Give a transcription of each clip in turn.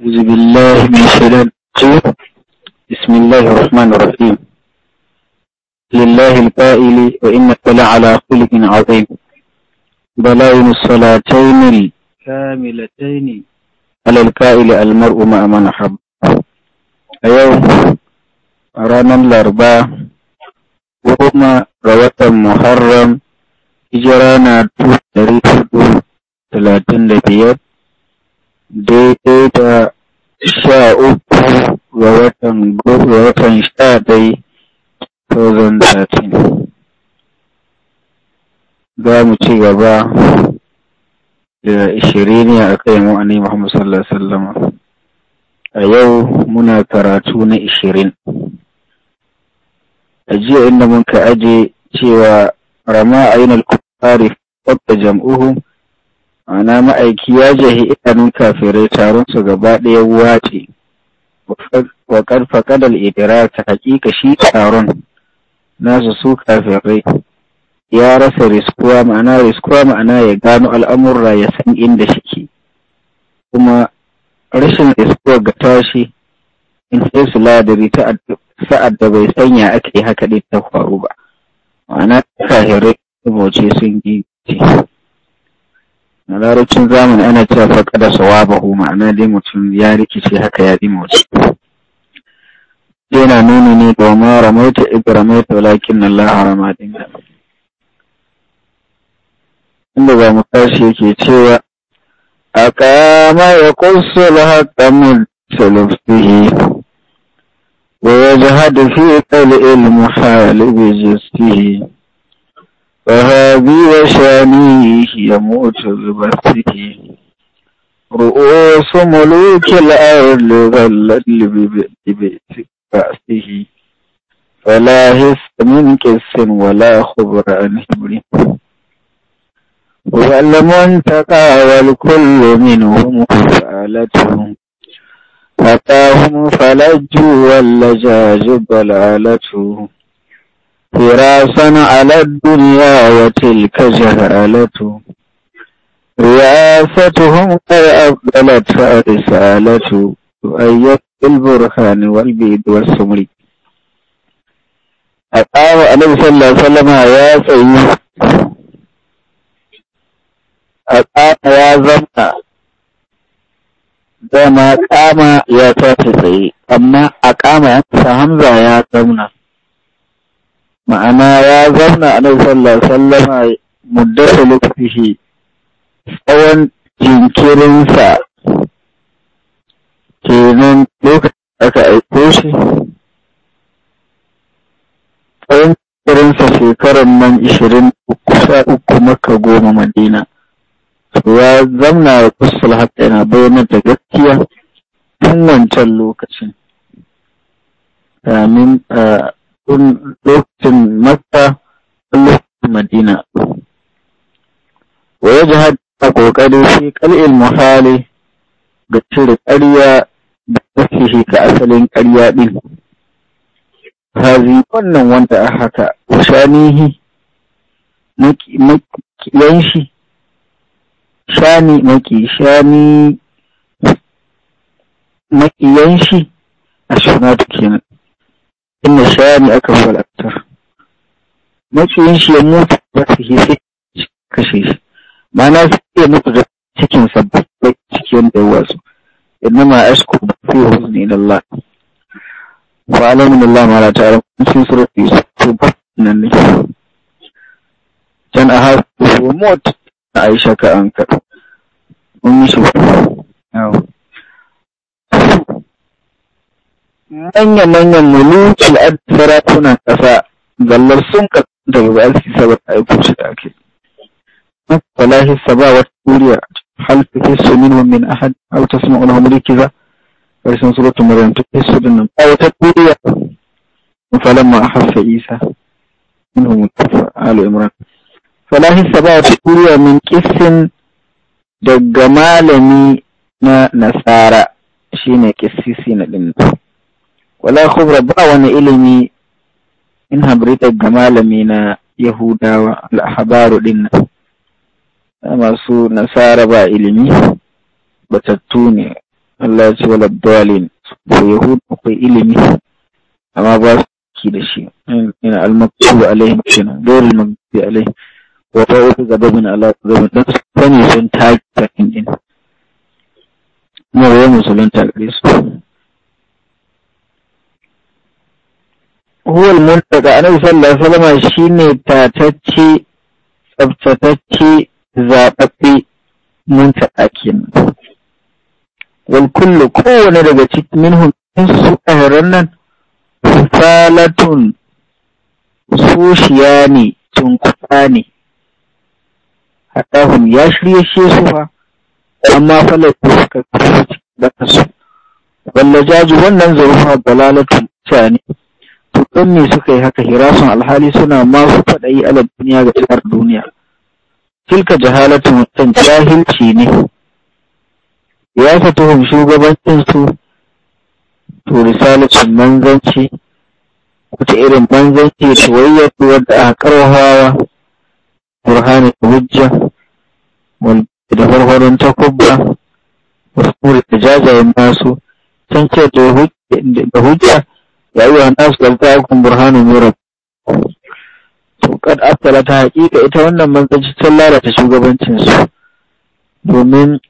أعوذ بالله من شرور بسم الله الرحمن الرحيم لله القائل وإنك لعلى خلق عظيم بلاين الصلاتين الكاملتين على القائل المرء ما من حب أيوه رانا الأربعة وهما رواة محرم إجرانا تريد na talatin daidai da sha uku ga watan watan sha ɗai 2013 za mu ci gaba da ishiriniya a kai mu'ani Muhammad sallallahu Alaihi wasallam a yau muna karatu na ishirin a jiya inda muka aje cewa rama ainihin kufari wadda jam'uhu ana ma'aiki ya jahi idanun kafirai taron su gaba ɗaya wace wa karfa ta idiraka hakika shi taron nasu su kafirai ya rasa riskuwa ma'ana riskuwa ma'ana ya gano al'amurra ya san inda shike kuma rashin riskuwa ga tashi in sai su ladari sa'ad da bai sanya ake haka ɗin ta faru ba ma'ana kafirai sun gice na larabcin zamani ana cewa faƙada sawabahu ma'ana dai mutum ya rikice haka ya dima wasu yana nuni ne ga ma ramaita ibi ramaita walakin Allah harama dinga inda za mu tashi yake cewa a kama ya kusa lahatta mutsalif bihi wa ya jihadu fi ƙal'il muhalli bi jistihi وهذه وشاني يموت ببثه رؤوس ملوك الأرض ظلت بأسه فلا هس من كس ولا خبر عن حبره تقاول كل منهم فعلته فتاهم فلجوا واللجاج ضلالته فراسنا على الدنيا وتلك جهالته رياستهم قد أفضلت رسالة أية البرهان والبيد والسمري أقام النبي صلى الله عليه وسلم يا سيد أقام يا زمنا زما قام يا تاتي أما أقام يا همزة يا زمنا ma'ana ya zauna a nan sallar sallama muddasa lokaci tsawon jinkirinsa Ke nan lokacin da aka aiko shi tsawon jinkirinsa shekarar nan ishirin kusa uku maka goma madina ya zamna da kusur haka yana bayanar da gaskiya tun wancan lokacin kamin ah, lokacin makka lokacin madina wa ya jihar a ƙoƙarin fi ƙal'il muhali ga cire ƙarya da tafihi ga asalin ƙarya ɗin hazi wannan wanda a haka shanihi shani maki shani shi a shunatu kenan inna shani'aka huwal abtar maciyin shi ya mutu ba su yi sai kashe shi ma'ana sai iya mutu da cikin sabbin ciki wanda ya wasu inna ma ashku fi huzni ila Allah wa alamu Allah ma la ta'lam cikin surat Yusuf nan ne dan a har mut Aisha ka an ka mun shi yawo manyan-manyan mulukin sarakunan ƙasa zallar sun daga ba za su yi sabar a aiko shi da ake. Wala hissa ba wata kuriya hal ta hissu min wa min ahad aw tasma'u lahum rikiza karshen suratul maryam ta hissu din nan ba wata turiya kuriya falamma ahassa isa minhum alu imran fala hissa ba wata kuriya min kissin daga malami na nasara shine kissisi na din wala khubra ba wani ilimi in habritar ga malami na yahudawa al'ahabaru din nan masu nasara ba ilimi batattu ne Allah ya ce wala dalin ko yahudu akwai ilimi amma ba su ki da shi ina almaktubu alaihim kenan dole magdubi alaihim wa ta'utu gababin ala gababin dan sani sun taki takin din mu musulunta gare su huwal muntaka annabi sallallahu alaihi wasallam shine tatacce tsabtatacce zababbe muntaka kenan wal kullu kowane daga cikin minhum su ahran nan falatun soshiya ne tunkuta ne haɗahum ya shirye shi su fa amma falatu suka su wannan zarufa dalalatu mutane don ne suka yi haka hirasun alhali suna masu faɗayi ala duniya ga tsar duniya tilka jahalatu mutan jahilci ne ya sa shugabancin su to risalacin manzanci wata irin manzanci soyayyar wadda aka burhani burhanin hujja da farfarin takubba wasu da jajayen masu can ce da hujja ya yi wa nasu ɗaukakum burhanun yurof kad afsala ta haƙiƙa ita wannan manzanci sun lalata shugabancinsu domin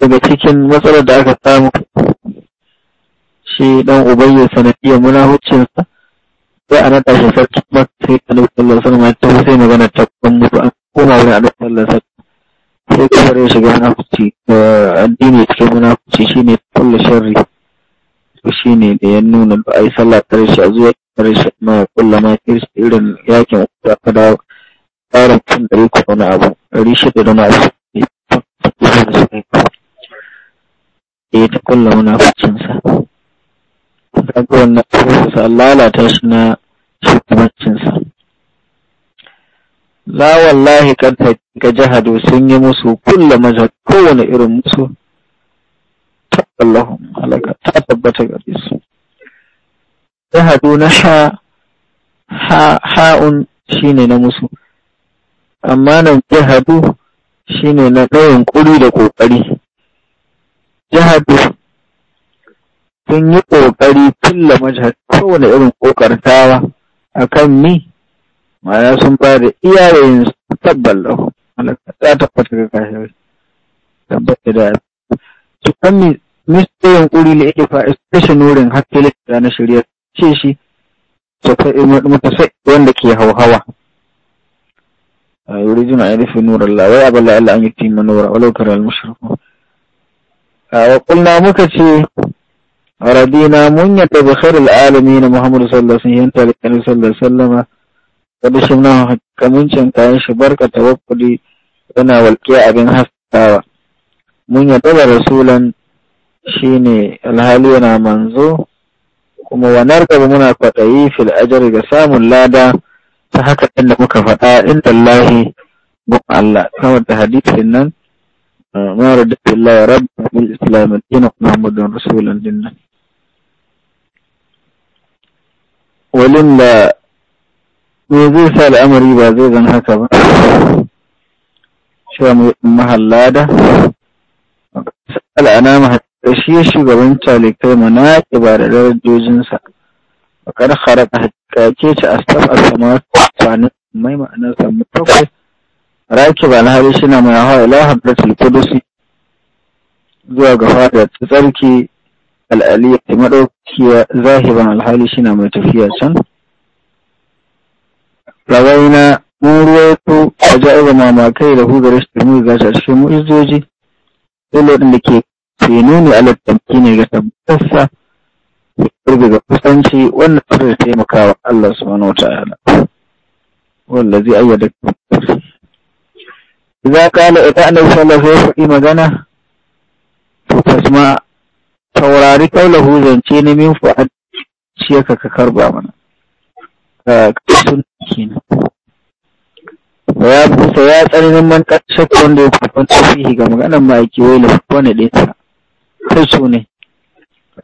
daga cikin matsalar da aka samu shi dan ubayya sanadiyya munahucinsa sai a naɗa shi sarki maka sai a nufin lalasa na ta sai magana ta kwan mutu an koma wani a nufin lalasa sai kawar ya shiga da eh, addini cikin munafuci shine kulle sharri shi ne da ya nuna ba a yi sallah ta rashin a zuwa ta rashin na kulla ma kirsi irin yakin da aka dawo tsarin cin ɗari ko wani abu ɗari shida da masu ne ta kulla da suka yi ya ta kulla munaficinsa ta ga wannan tsohonsa lalata shi na shugabancinsa la wallahi kanta ga jahado sun yi musu kulla majal kowane irin musu Allahumma halaka ta tabbata gare su zahadu na sha ha'un shine na musu amma nan jihadu shine na ɗayan ƙuri da ƙoƙari jihadu sun yi ƙoƙari filla majhar kowane irin ƙoƙartawa a kan ni ma'ana sun ba da iyayen tabbal lahu malaka ta tabbata ga kashe tabbata da su kan nisa yankuri ne ake fa kashe nurin hakkin littara na shirya ce shi sofa imar sai wanda ke hauhawa a yuri jima ya rufe nurar lawai a bala Allah an yi tima nura wala kare al-mushriku a na muka ce radina mun ya tabi khairul alami na muhammadu sallallahu alaihi yanta da kanin sallallahu alaihi wasallam ka da shimna kayan shi barka wakuli, yana walƙiya abin haskawa. mun ya tabi rasulan shine alhali yana manzo kuma wanar gaba muna kwatayi fil ajari ga samun lada ta haka inda muka faɗa in tallahi gun Allah kamar da hadisin nan mara da billahi rabbi bil islam din muhammadun rasulun din walin da me zai sa al'amari ba zai zan haka ba shi mu mahallada al'ana mahallada shi ya shugabanta likai manaƙiba da darajojinsa bakar haraka hakake ce astaf asama tsanin mai ma'anar samu takwai raki ba na hari shina mai hawa ila hadratul qudusi zuwa ga fada tsarki al'aliyya madaukiya zahiban alhali shina mai tafiya can rawaina mun ruwaito a ja'iba mamakai da hugar shi da mu gashi a cikin mu'izoji da ke nuni ala tamkini ga tabbatarsa ga kusanci wannan zai taimaka wa Allah subhanahu wata'ala wanda zai ayyada za ka ala ita annabi sallallahu alaihi faɗi magana to tasma taurari kaulahu zance ne min fu'ad shi ka ka karba mana ka sun kenan ya busa ya nan man shakka wanda ya fi kwanci fihi ga maganar ma'aiki wai lafi wani ɗaya kansu ne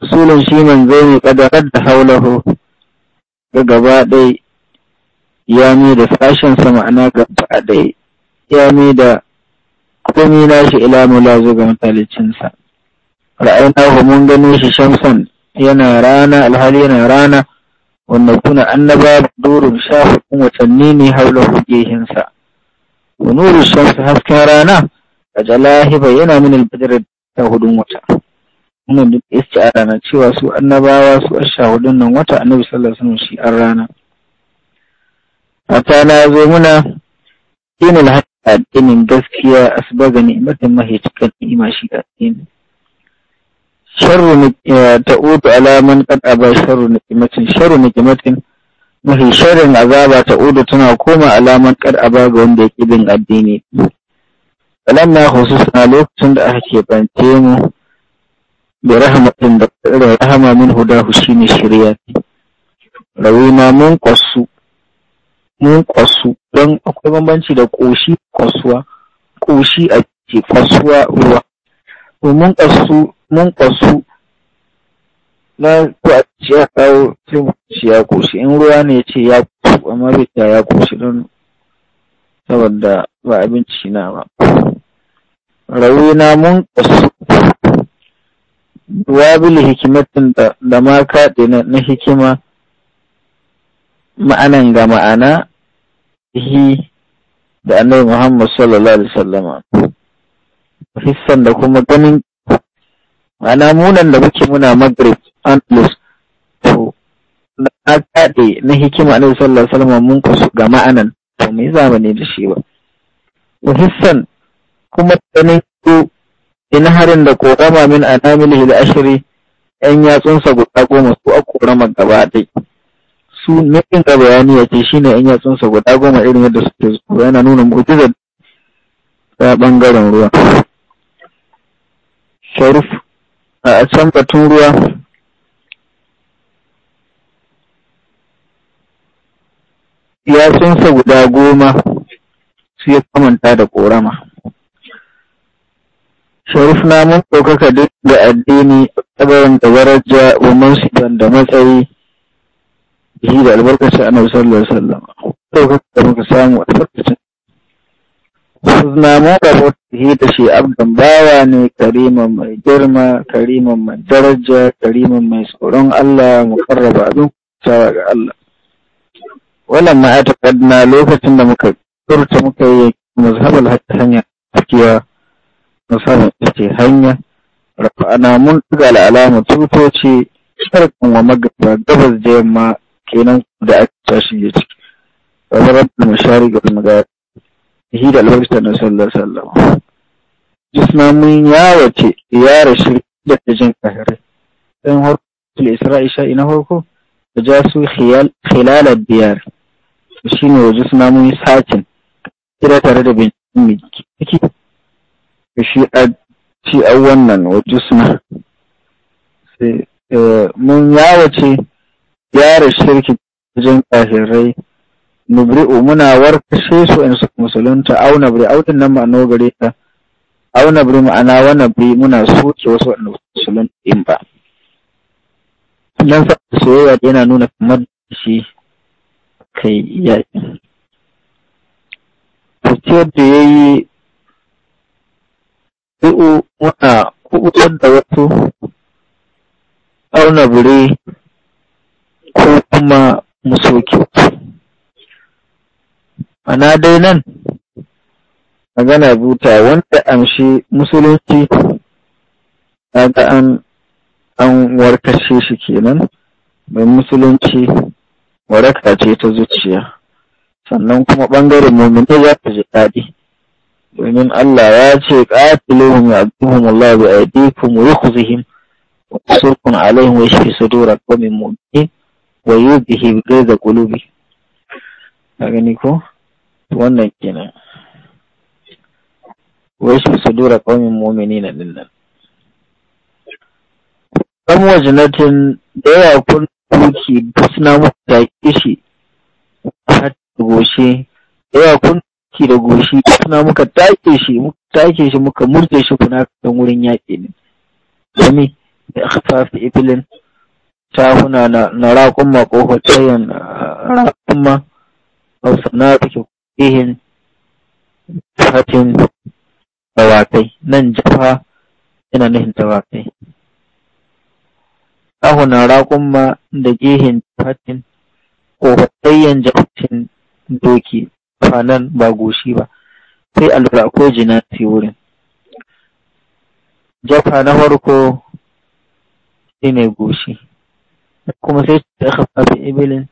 rasulun shi manzo ne kadarar da haulahu ga gaba ɗai ya mai da ma'ana gaba ɗai ya mai da komi nashi ila mulazu ga matalicinsa ra'ayina mun ganin shi shamsan yana rana alhali yana rana wanda kuna annaba durun shafin watanni ne haula hugehinsa wa nuru shamsu hasken rana a jalahi bayyana min albadar ta hudun wata wannan duk a na cewa su annabawa su ashahudun nan wata annabi sallallahu alaihi wasallam shi an rana A tana, zo muna dinin haka addinin gaskiya asbaga ni'matin mahi cikin ni'ima shi da addini sharru eh, ta'udu alaman qad aba sharru ni'matin sharru ni'matin mahi sharrin azaba ta'udu tana koma alaman qad ba ga wanda ya yake bin addini alamma hususna lokacin da aka keɓance mu برحمة من هداه min hudahu shine shari'a rawina mun kwasu mun kwasu don akwai bambanci da koshi kwasuwa a ke kwasuwa ruwa mun kwasu na ko a ce ya ya koshi in ruwa ne ce ya koshi amma bai ta ya don saboda ba abinci na ba rawina mun kwasu wabil hikimatin da ma kaɗe na hikima ma'anan ga ma'ana hi da annabi Muhammad sallallahu alaihi wasallama hissan da kuma ganin ma'ana munan da muke muna Maghrib Andalus to da na kaɗe na hikima annabi sallallahu alaihi wasallama mun kusu ga ma'anan to me zamani da shi ba hissan kuma ganin ko in harin da korama min anamilihi da ashiri yan yatsunsa guda goma su a korama gaba su nufin ga bayani ya ce shine yan yatsunsa guda goma irin yadda suke zuwa yana nuna mu'jizar ta bangaren ruwa sharif a can batun ruwa yatsunsa guda goma su ya kamanta da korama na mun ɗaukaka duk da addini tsabarin da daraja wa mansuban da matsayi shi da albarkaci a nabi sallallahu alaihi wasallam ɗaukaka da muka samu albarkacin Suzna mu da shi da shi abdan bawa ne kariman mai girma kariman mai daraja kariman mai tsoron Allah mu karraba abin sawa ga Allah wannan ma'aikata na lokacin da muka turta muka yi mazhabal hatta hanya gaskiya musamman ce hanya rafa'ana mun daga al'alamu tutoci sharkan wa magaba gabas da yamma kenan da ake tashi ya ciki wazarar da mashari ga magana shi da albarkar na sallar sallama jisna mun ce yara shirki da ta jin ƙahirai ɗan harkar isra'isha ina harko da ja su khilalar biyar shi ne wa jisna mun yi sacin kira tare da binciken mai jiki shi a wannan wajen suna eh, mun wace yara shirki wajen kafirai nubri'u muna warkashe su in su musulunta au nabri au din nan ma'ano gare ta au nabri ma'ana wa nabri muna soke wasu wanda musulunta in ba dan sa soyayya yana nuna kamar shi kai ya ce da yayi ru'u muna kubutar da wasu auna bure ko kuma mu ana dai nan magana buta wanda amshi musulunci kaga an an warkashe shi kenan mai musulunci waraka ce ta zuciya sannan kuma ɓangaren mummuni za ta ji daɗi domin Allah ya ce ya ya'tuhum Allah bi aydikum wa yukhzihim wa yusurkum alaihim wa dora sudur mu mu'minin wa gai da kulubi a gani ko wannan kenan wa yashfi mu qaumin na din nan kan wajinatin da yawa kun duki na mutu da kishi har goshe da yawa kun ki da goshi kuna muka take shi muka take shi muka murje shi kuna kan wurin yaƙi ne dami da akhfafi iblin ta huna na na raqum ma qofar tayan raqum ma aw sanatu ihin hatin tawakai nan jafa yana nihin tawakai ta huna raqum ma da gihin fatin qofar tayan jafatin doki nan ba goshi ba sai a ko akwai jinasi wurin jafa na farko shi ne goshi kuma sai ta fi ibilin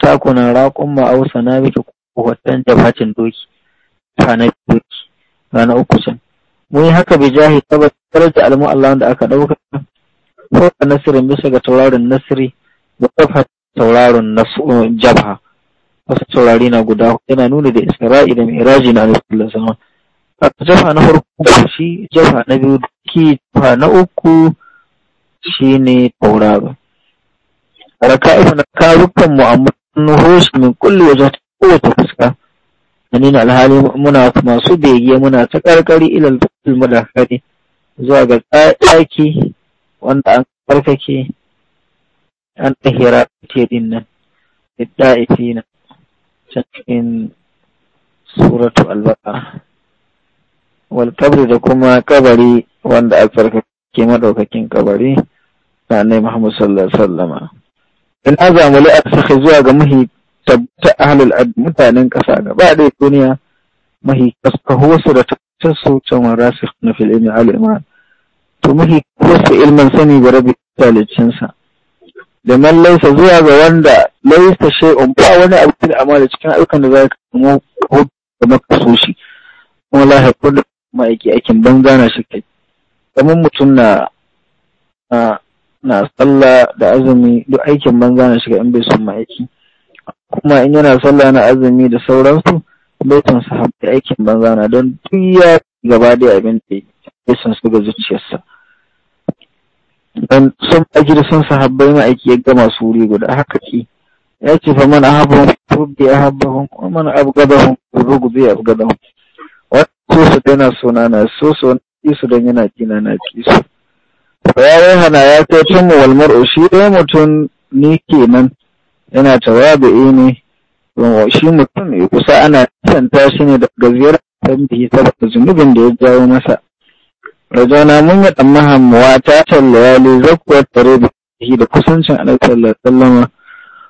takunan raƙun ma'ausa na biki hoton jabacin doki na doki rana uku can mun yi haka bi jahi tabbatar da alamu Allah da aka ɗauka ko nasirin bisa ga taurarin nasiri da kafa taurarin jabha Wasu taurari na guda yana nuna da isra'i da miraji na alaihi salama a jafa na farko shi jafa na biyu ki jafa na uku shine tauraro Raka na karukan mu'amman a min kulli wajen kowace fuska anina alhali muna masu bege muna ta karkari ilal mudakari zuwa ga tsaki wanda an karkake an tahira ce din nan da ifina cikin suratu albaqara wal kabri da kuma kabari wanda a tsarkake madaukakin kabari na nai Muhammad sallallahu alaihi wasallam in azamu li asakhi zuwa ga muhi tabta ahlul mutanen kasa gaba dai duniya mahi wasu da tasu can rasu na al iman to muhi kusa ilman sani ga rabi talicinsa da man laisa zuwa ga wanda laisa on ba wani abu da cikin ayyukan da za ka samu da makaso shi kuma la haƙur da ma'aiki aikin banza na shi kai kamar mutum na na sallah da azumi duk aikin banza na shiga in bai son ma'aiki kuma in yana sallah na azumi da sauransu bai son su haɓe aikin banza na don duk ya gaba da abin da ya son su ga zuciyarsa dan sun ajiri sun sahabbai ma aiki ya gama su wuri guda haka ki ya ce fa mana ahabbahum rubbi ahabbahum mana man abgadahum rubbi abgadahum wa so su tana suna na so so ki su don yana kina na ki su bayan hana ya kai tun wal mar'u shi dai mutum ni kenan yana tawabi'i ne shi mutum ne kusa ana santa shi ne daga ziyarar tambayi saboda zunubin da ya jawo masa rajana mun yi tsammahan muwata tallayali zakuwar tare da shi da kusancin annabi sallama alaihi wasallam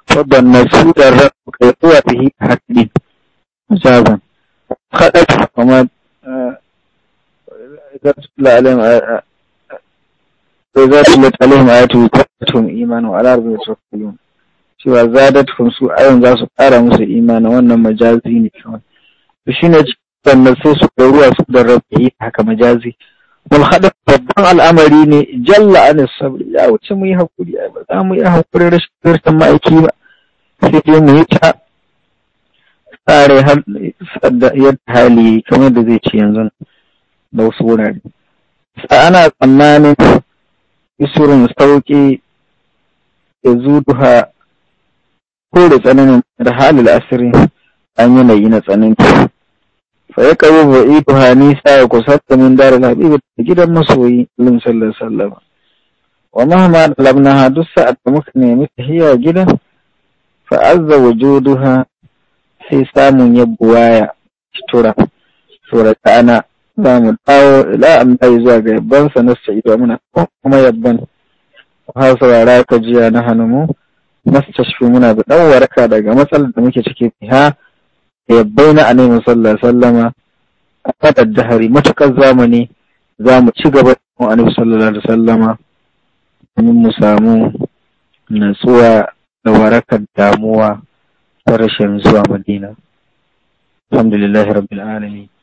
fabban nasu da rafi kai zuwa ta yi haɗi jaban kaɗa kuma zadat eh, alaihim eh, eh, ayatu tatum imanu ala rabbika da cewa kun su ayon za su ƙara musu imanin wannan majazi ne kawai to shine sannan sai su ruwa su da rafi haka majazi والخدم babban al'amari ne jalla an sabri ya wuce mu yi hakuri ai ba za mu yi hakuri rashin rashin ma'aiki ba sai dai mu yi ta tsare yadda hali kamar da zai ci yanzu da wasu wurare ana tsammanin isurin sauƙi da zuduha ko da tsananin da halil asirin an yanayi na tsananci fayyaka yi ba iko hani sa ya kusatta min a labibu da gidan masoyi lin sallallahu wa mahama lamna ha duk sa'ad da muka nemi ta hiya gidan fa azza wujuduha sai samun yabuwa ya tura sura ana za mu dawo ila an zuwa ga yabban sa na sa'idu amina kuma yabban hausa ya raka jiya na hannu mu na muna da ɗan waraka daga matsalar da muke ciki fiha yabbaina annabi sallallahu alaihi wasallama a dahari matukar zamani za mu ci gaba da annabi sallallahu alaihi domin mu samu natsuwa da warakar damuwa ta rashin zuwa madina alhamdulillahi rabbil alamin